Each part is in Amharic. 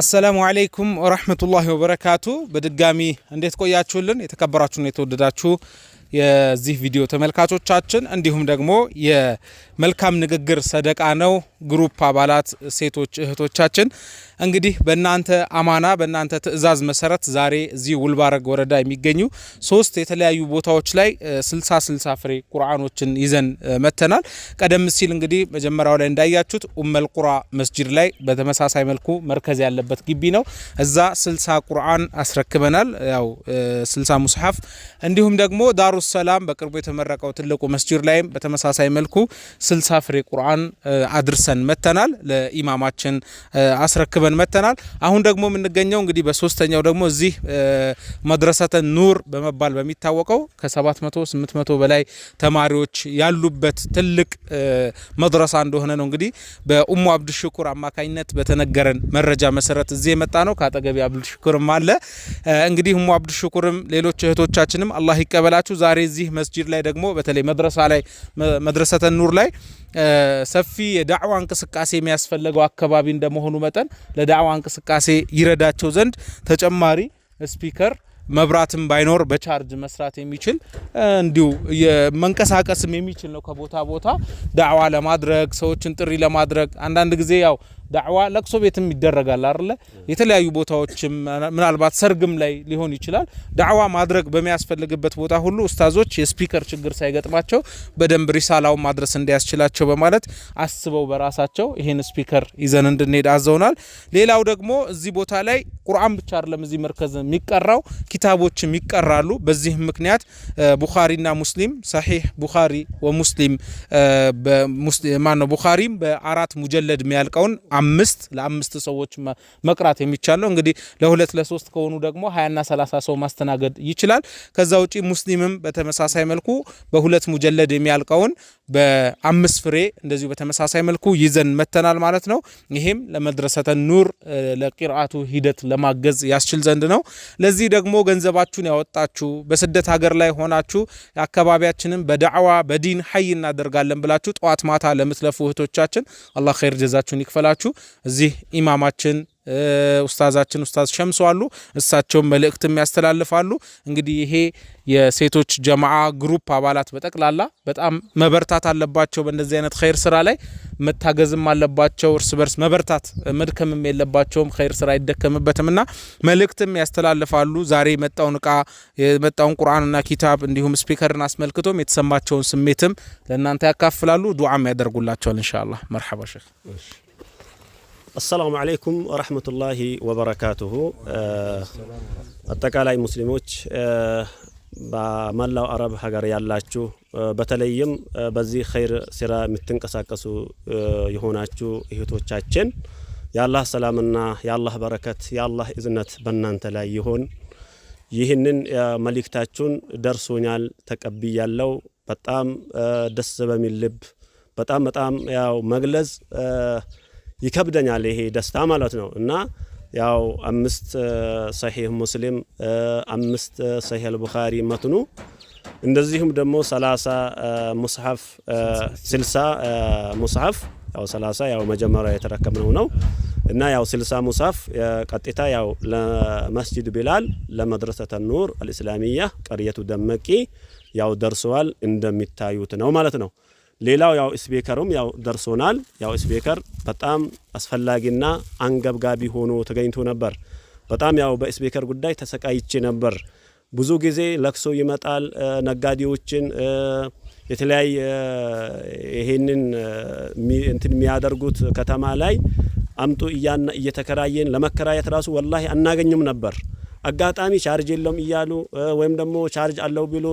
አሰላሙ አለይኩም ወረህመቱላሂ ወበረካቱ። በድጋሚ እንዴት ቆያችሁልን? የተከበራችሁና የተወደዳችሁ የዚህ ቪዲዮ ተመልካቾቻችን እንዲሁም ደግሞ የመልካም ንግግር ሰደቃ ነው ግሩፕ አባላት ሴቶች እህቶቻችን እንግዲህ በእናንተ አማና በእናንተ ትዕዛዝ መሰረት ዛሬ እዚህ ውልባረግ ወረዳ የሚገኙ ሶስት የተለያዩ ቦታዎች ላይ ስልሳ ስልሳ ፍሬ ቁርአኖችን ይዘን መተናል። ቀደም ሲል እንግዲህ መጀመሪያው ላይ እንዳያችሁት ኡመል ቁራ መስጂድ ላይ በተመሳሳይ መልኩ መርከዝ ያለበት ግቢ ነው። እዛ ስልሳ ቁርአን አስረክበናል። ያው ስልሳ ሙስሐፍ እንዲሁም ደግሞ ዳሩ ዳሩስ ሰላም በቅርቡ የተመረቀው ትልቁ መስጂድ ላይም በተመሳሳይ መልኩ ስልሳ ፍሬ ቁርአን አድርሰን መተናል። ለኢማማችን አስረክበን መተናል። አሁን ደግሞ የምንገኘው እንግዲህ በሶስተኛው ደግሞ እዚህ መድረሰተ ኑር በመባል በሚታወቀው ከ700 800 በላይ ተማሪዎች ያሉበት ትልቅ መድረሳ እንደሆነ ነው እንግዲህ በኡሙ ሽኩር አማካኝነት በተነገረን መረጃ መሰረት እዚህ የመጣ ነው። ከአጠገቢ አብዱሽኩርም አለ እንግዲህ ኡሙ ሽኩርም ሌሎች እህቶቻችንም አላህ ይቀበላችሁ። ዛሬ እዚህ መስጂድ ላይ ደግሞ በተለይ መድረሳ ላይ መድረሰተ ኑር ላይ ሰፊ የዳዕዋ እንቅስቃሴ የሚያስፈለገው አካባቢ እንደመሆኑ መጠን ለዳዕዋ እንቅስቃሴ ይረዳቸው ዘንድ ተጨማሪ ስፒከር መብራትም ባይኖር በቻርጅ መስራት የሚችል እንዲሁ መንቀሳቀስም የሚችል ነው። ከቦታ ቦታ ዳዕዋ ለማድረግ ሰዎችን ጥሪ ለማድረግ አንዳንድ ጊዜ ያው ዳዕዋ ለቅሶ ቤትም ይደረጋል አይደለ? የተለያዩ ቦታዎችም ምናልባት ሰርግም ላይ ሊሆን ይችላል። ዳዕዋ ማድረግ በሚያስፈልግበት ቦታ ሁሉ ኡስታዞች የስፒከር ችግር ሳይገጥማቸው በደንብ ሪሳላውን ማድረስ እንዲያስችላቸው በማለት አስበው በራሳቸው ይሄን ስፒከር ይዘን እንድንሄድ አዘውናል። ሌላው ደግሞ እዚህ ቦታ ላይ ቁርአን ብቻ አይደለም እዚህ መርከዝ የሚቀራው ኪታቦችም ይቀራሉ። በዚህ ምክንያት ቡኻሪና ሙስሊም ሰሒህ ቡኻሪ ወሙስሊም ማነው ቡኻሪም በአራት ሙጀለድ የሚያልቀውን አምስት ለአምስት ሰዎች መቅራት የሚቻለው እንግዲህ ለሁለት ለሶስት ከሆኑ ደግሞ ሀያና ሰላሳ ሰው ማስተናገድ ይችላል። ከዛ ውጪ ሙስሊምም በተመሳሳይ መልኩ በሁለት ሙጀለድ የሚያልቀውን በአምስት ፍሬ እንደዚሁ በተመሳሳይ መልኩ ይዘን መተናል ማለት ነው። ይሄም ለመድረሰተ ኑር ለቂርአቱ ሂደት ለማገዝ ያስችል ዘንድ ነው። ለዚህ ደግሞ ገንዘባችሁን ያወጣችሁ በስደት ሀገር ላይ ሆናችሁ አካባቢያችንን በዳዕዋ በዲን ሀይ እናደርጋለን ብላችሁ ጠዋት ማታ ለምትለፉ እህቶቻችን አላህ ኸይር ጀዛችሁን ይክፈላችሁ። እዚህ ኢማማችን ኡስታዛችን ኡስታዝ ሸምሶ አሉ። እሳቸው መልእክትም ያስተላልፋሉ። እንግዲህ ይሄ የሴቶች ጀማዓ ግሩፕ አባላት በጠቅላላ በጣም መበርታት አለባቸው። በእንደዚህ አይነት ኸይር ስራ ላይ መታገዝም አለባቸው። እርስ በርስ መበርታት መድከምም የለባቸውም። ኸይር ስራ አይደከምበትም እና መልእክትም ያስተላልፋሉ። ዛሬ የመጣውን እቃ የመጣውን ቁርአንና ኪታብ እንዲሁም ስፒከርን አስመልክቶም የተሰማቸውን ስሜትም ለእናንተ ያካፍላሉ። ዱዓም ያደርጉላቸዋል። እንሻላ። መርሓባ ሼክ አሰላሙ አለይኩም ወረህመቱላሂ ወበረካቱሁ። አጠቃላይ ሙስሊሞች በመላው አረብ ሀገር ያላችሁ በተለይም በዚህ ኸይር ስራ የምትንቀሳቀሱ የሆናችሁ እህቶቻችን የአላህ ሰላምና የአላህ በረከት የአላህ እዝነት በእናንተ ላይ ይሆን። ይህንን መልእክታችሁን ደርሶኛል፣ ተቀብያለው። በጣም ደስ በሚል ልብ በጣም በጣም ያው መግለጽ ይከብደኛል ይሄ ደስታ ማለት ነው እና ያው አምስት ሰሒህ ሙስሊም አምስት ሰሒህ አልቡኻሪ መትኑ እንደዚሁም ደግሞ 30 ሙስሐፍ 60 ሙስሐፍ ያው 30 ያው መጀመሪያ የተረከምነው ነው እና ያው 60 ሙስሐፍ ቀጥታ ያው ለመስጂድ ቢላል ለመድረሰተ ኑር አልእስላሚያ ቀርየቱ ደመቂ ያው ደርሰዋል እንደሚታዩት ነው ማለት ነው። ሌላው ያው ስፒከሩም ያው ደርሶናል። ያው ስፒከር በጣም አስፈላጊና አንገብጋቢ ሆኖ ተገኝቶ ነበር። በጣም ያው በስፒከር ጉዳይ ተሰቃይቼ ነበር። ብዙ ጊዜ ለቅሶ ይመጣል። ነጋዴዎችን የተለያየ ይሄንን እንትን የሚያደርጉት ከተማ ላይ አምጡ እያና እየተከራየን ለመከራየት ራሱ ወላሂ አናገኝም ነበር። አጋጣሚ ቻርጅ የለም እያሉ ወይም ደግሞ ቻርጅ አለው ብሎ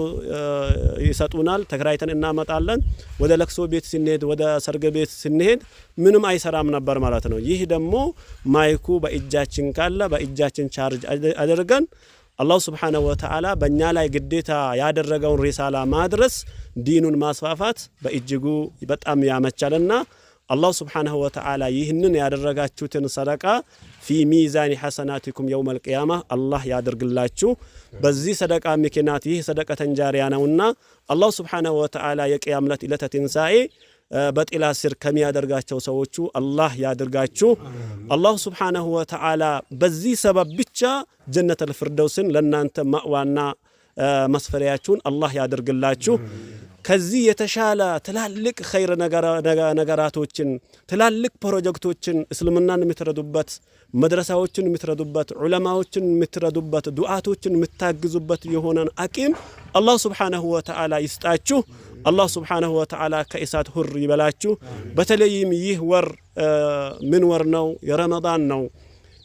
ይሰጡናል። ተከራይተን እናመጣለን። ወደ ለቅሶ ቤት ስንሄድ፣ ወደ ሰርግ ቤት ስንሄድ ምንም አይሰራም ነበር ማለት ነው። ይህ ደግሞ ማይኩ በእጃችን ካለ በእጃችን ቻርጅ አድርገን አላሁ ስብሓነሁ ወተዓላ በእኛ ላይ ግዴታ ያደረገውን ሪሳላ ማድረስ ዲኑን ማስፋፋት በእጅጉ በጣም ያመቻልና አላሁ ስብሓነሁ ወተዓላ ይህንን ያደረጋችሁትን ሰደቃ ፊ ሚዛኒ ሐሰናቲኩም የውመል ቂያማ አላህ ያደርግላችሁ። በዚህ ሰደቃ ምክንያት ይህ ሰደቀተን ጃሪያ ነውና አላህ ስብሓነሁ ወተዓላ የቅያም ዕለት ዕለተ ትንሣኤ በጥላ ስር ከሚያደርጋቸው ሰዎቹ አላህ ያድርጋችሁ። አላሁ ስብሓነሁ ወተዓላ በዚህ ሰበብ ብቻ ጀነተል ፊርደውስን ለእናንተ ማእዋና መስፈሪያችሁን አላህ ያድርግላችሁ ከዚህ የተሻለ ትላልቅ ኸይር ነገራቶችን ትላልቅ ፕሮጀክቶችን እስልምናን የምትረዱበት፣ መድረሳዎችን የምትረዱበት፣ ዑለማዎችን የምትረዱበት፣ ዱዓቶችን የምታግዙበት የሆነን አቂም አላህ ስብሓነሁ ወተዓላ ይስጣችሁ። አላህ ስብሓነሁ ወተዓላ ከእሳት ሁር ይበላችሁ። በተለይም ይህ ወር ምን ወር ነው? የረመዳን ነው።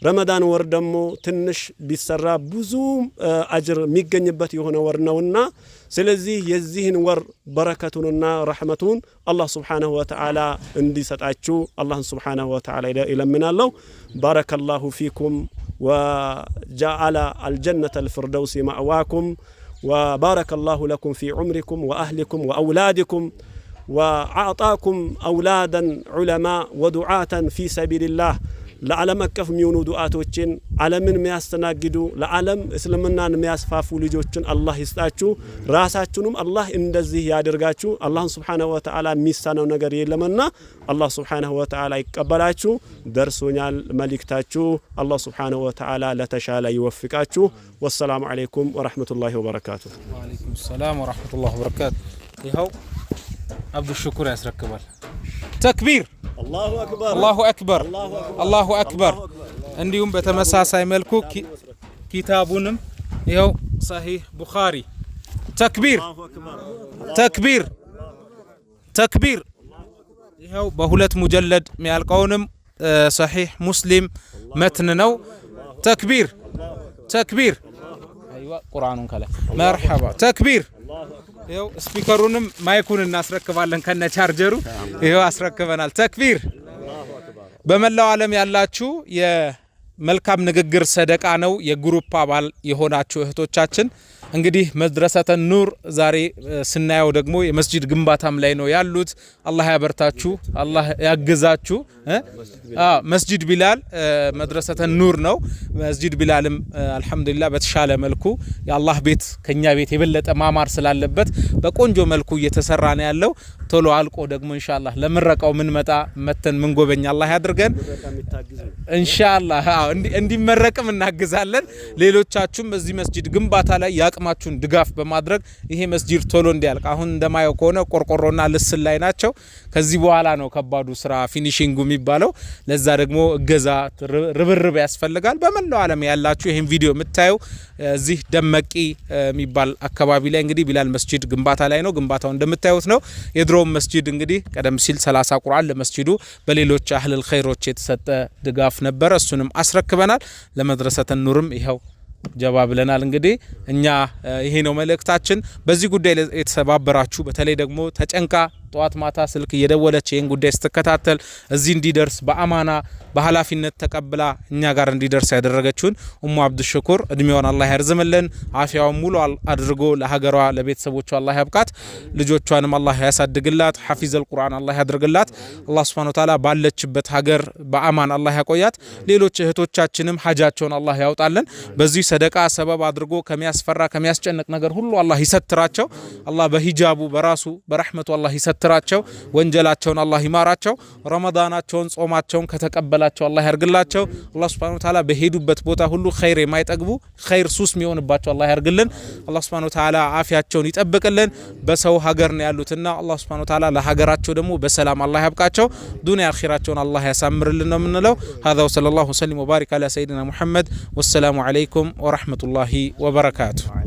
ረመዳን ወር ደግሞ ትንሽ ቢሰራ ብዙ አጅር የሚገኝበት የሆነ ወር ነውና ስለዚህ የዚህን ወር በረከቱንና ረሕመቱን አላህ ስብሓነሁ ወተዓላ እንዲሰጣችሁ አላህን ስብሓነሁ ወተዓላ ይለምናለሁ። ባረከላሁ ፊኩም ወጃአለ አልጀነተ ልፍርደውሲ ማእዋኩም وبارك الله لكم في عمركم وأهلكم وأولادكم وأعطاكم أولادا علماء ودعاة في سبيل الله ለዓለም አቀፍ የሚሆኑ ዱዓቶችን ዓለምን የሚያስተናግዱ ለዓለም እስልምናን የሚያስፋፉ ልጆችን አላህ ይስጣችሁ። ራሳችሁንም አላህ እንደዚህ ያደርጋችሁ። አላህን ስብሓነሁ ወተዓላ የሚሳነው ነገር የለምና አላህ ስብሓነሁ ወተዓላ ይቀበላችሁ። ደርሶኛል መልእክታችሁ። አላህ ስብሓነሁ ወተዓላ ለተሻለ ይወፍቃችሁ። ወሰላሙ ዓለይኩም ወረሕመቱላሂ ወበረካቱ። ወዓለይኩም ሰላም ወረሕመቱላሂ ወበረካቱ። ይኸው አብዱሽኩር ያስረክባል። ተክቢር አላሁ አክበር አላሁ አክበር። እንዲሁም በተመሳሳይ መልኩ ኪታቡንም ይኸው ሰሂህ ቡኻሪ ተክቢር ተክቢር ተክቢር ይኸው በሁለት ሙጀለድ የሚያልቀውንም ሰሒሕ ሙስሊም መትን ነው። ተክቢር ተክቢር፣ አይዋ ቁርአኑን ከላይ መርሐባ ተክቢር ይኸው ስፒከሩንም ማይኩን እናስረክባለን ከነ ቻርጀሩ። ይኸው አስረክበናል። ተክቢር! በመላው ዓለም ያላችሁ መልካም ንግግር ሰደቃ ነው። የግሩፕ አባል የሆናችሁ እህቶቻችን እንግዲህ መድረሰተ ኑር ዛሬ ስናየው ደግሞ የመስጂድ ግንባታም ላይ ነው ያሉት። አላህ ያበርታችሁ፣ አላህ ያግዛችሁ። መስጂድ ቢላል መድረሰተ ኑር ነው። መስጂድ ቢላልም አልሐምዱሊላህ በተሻለ መልኩ የአላህ ቤት ከኛ ቤት የበለጠ ማማር ስላለበት በቆንጆ መልኩ እየተሰራ ነው ያለው። ቶሎ አልቆ ደግሞ ኢንሻአላህ ለምረቃው ምን መጣ መተን ምን ጎበኛ አላህ ያድርገን ኢንሻአላህ እንዲመረቅም እናግዛለን። ሌሎቻችሁም በዚህ መስጂድ ግንባታ ላይ የአቅማችሁን ድጋፍ በማድረግ ይሄ መስጂድ ቶሎ እንዲያልቅ አሁን እንደማየው ከሆነ ቆርቆሮና ልስን ላይ ናቸው። ከዚህ በኋላ ነው ከባዱ ስራ ፊኒሺንጉ የሚባለው። ለዛ ደግሞ እገዛ ርብርብ ያስፈልጋል። በመላው ዓለም ያላችሁ ይህን ቪዲዮ የምታየው እዚህ ደመቂ የሚባል አካባቢ ላይ እንግዲህ ቢላል መስጂድ ግንባታ ላይ ነው። ግንባታው እንደምታዩት ነው። የድሮውን መስጂድ እንግዲህ ቀደም ሲል 30 ቁርአን ለመስጂዱ በሌሎች አህልል ኸይሮች የተሰጠ ድጋፍ ነበረ። እሱንም አስረክበናል። ለመድረሰተን ኑርም ይኸው ጀባ ብለናል። እንግዲህ እኛ ይሄ ነው መልእክታችን። በዚህ ጉዳይ የተሰባበራችሁ በተለይ ደግሞ ተጨንቃ ጠዋት ማታ ስልክ እየደወለች ይህን ጉዳይ ስትከታተል እዚህ እንዲደርስ በአማና በኃላፊነት ተቀብላ እኛ ጋር እንዲደርስ ያደረገችውን እሙ አብዱሽኩር እድሜዋን አላህ ያርዝምልን፣ አፊያውን ሙሉ አድርጎ ለሀገሯ ለቤተሰቦቿ አላህ ያብቃት፣ ልጆቿንም አላህ ያሳድግላት፣ ሐፊዝ አልቁርአን አላህ ያድርግላት። አላህ ስብሃነ ወተዓላ ባለችበት ሀገር በአማን አላህ ያቆያት። ሌሎች እህቶቻችንም ሀጃቸውን አላህ ያውጣልን። በዚህ ሰደቃ ሰበብ አድርጎ ከሚያስፈራ ከሚያስጨንቅ ነገር ሁሉ አላህ ይሰትራቸው። አላህ በሂጃቡ በራሱ በረሕመቱ አላህ ይሰት በትራቸው ወንጀላቸውን አላህ ይማራቸው። ረመዳናቸውን ጾማቸውን ከተቀበላቸው አላህ ያርግላቸው። አላህ ሱብሓነሁ ወተዓላ በሄዱበት ቦታ ሁሉ ኸይር የማይጠግቡ ኸይር ሱስ የሚሆንባቸው አላህ ያርግልን። አላህ ሱብሓነሁ ወተዓላ አፊያቸውን ይጠብቅልን። በሰው ሀገር ነው ያሉትና አላህ ሱብሓነሁ ወተዓላ ለሀገራቸው ደግሞ በሰላም አላህ ያብቃቸው። ዱንያ አኺራቸውን አላህ ያሳምርልን ነው የምንለው። ሀዛ ሰለላሁ ወሰለም ወባሪክ አላ ሰይድና ሙሐመድ ወሰላሙ አለይኩም ወረሕመቱላሂ ወበረካቱ።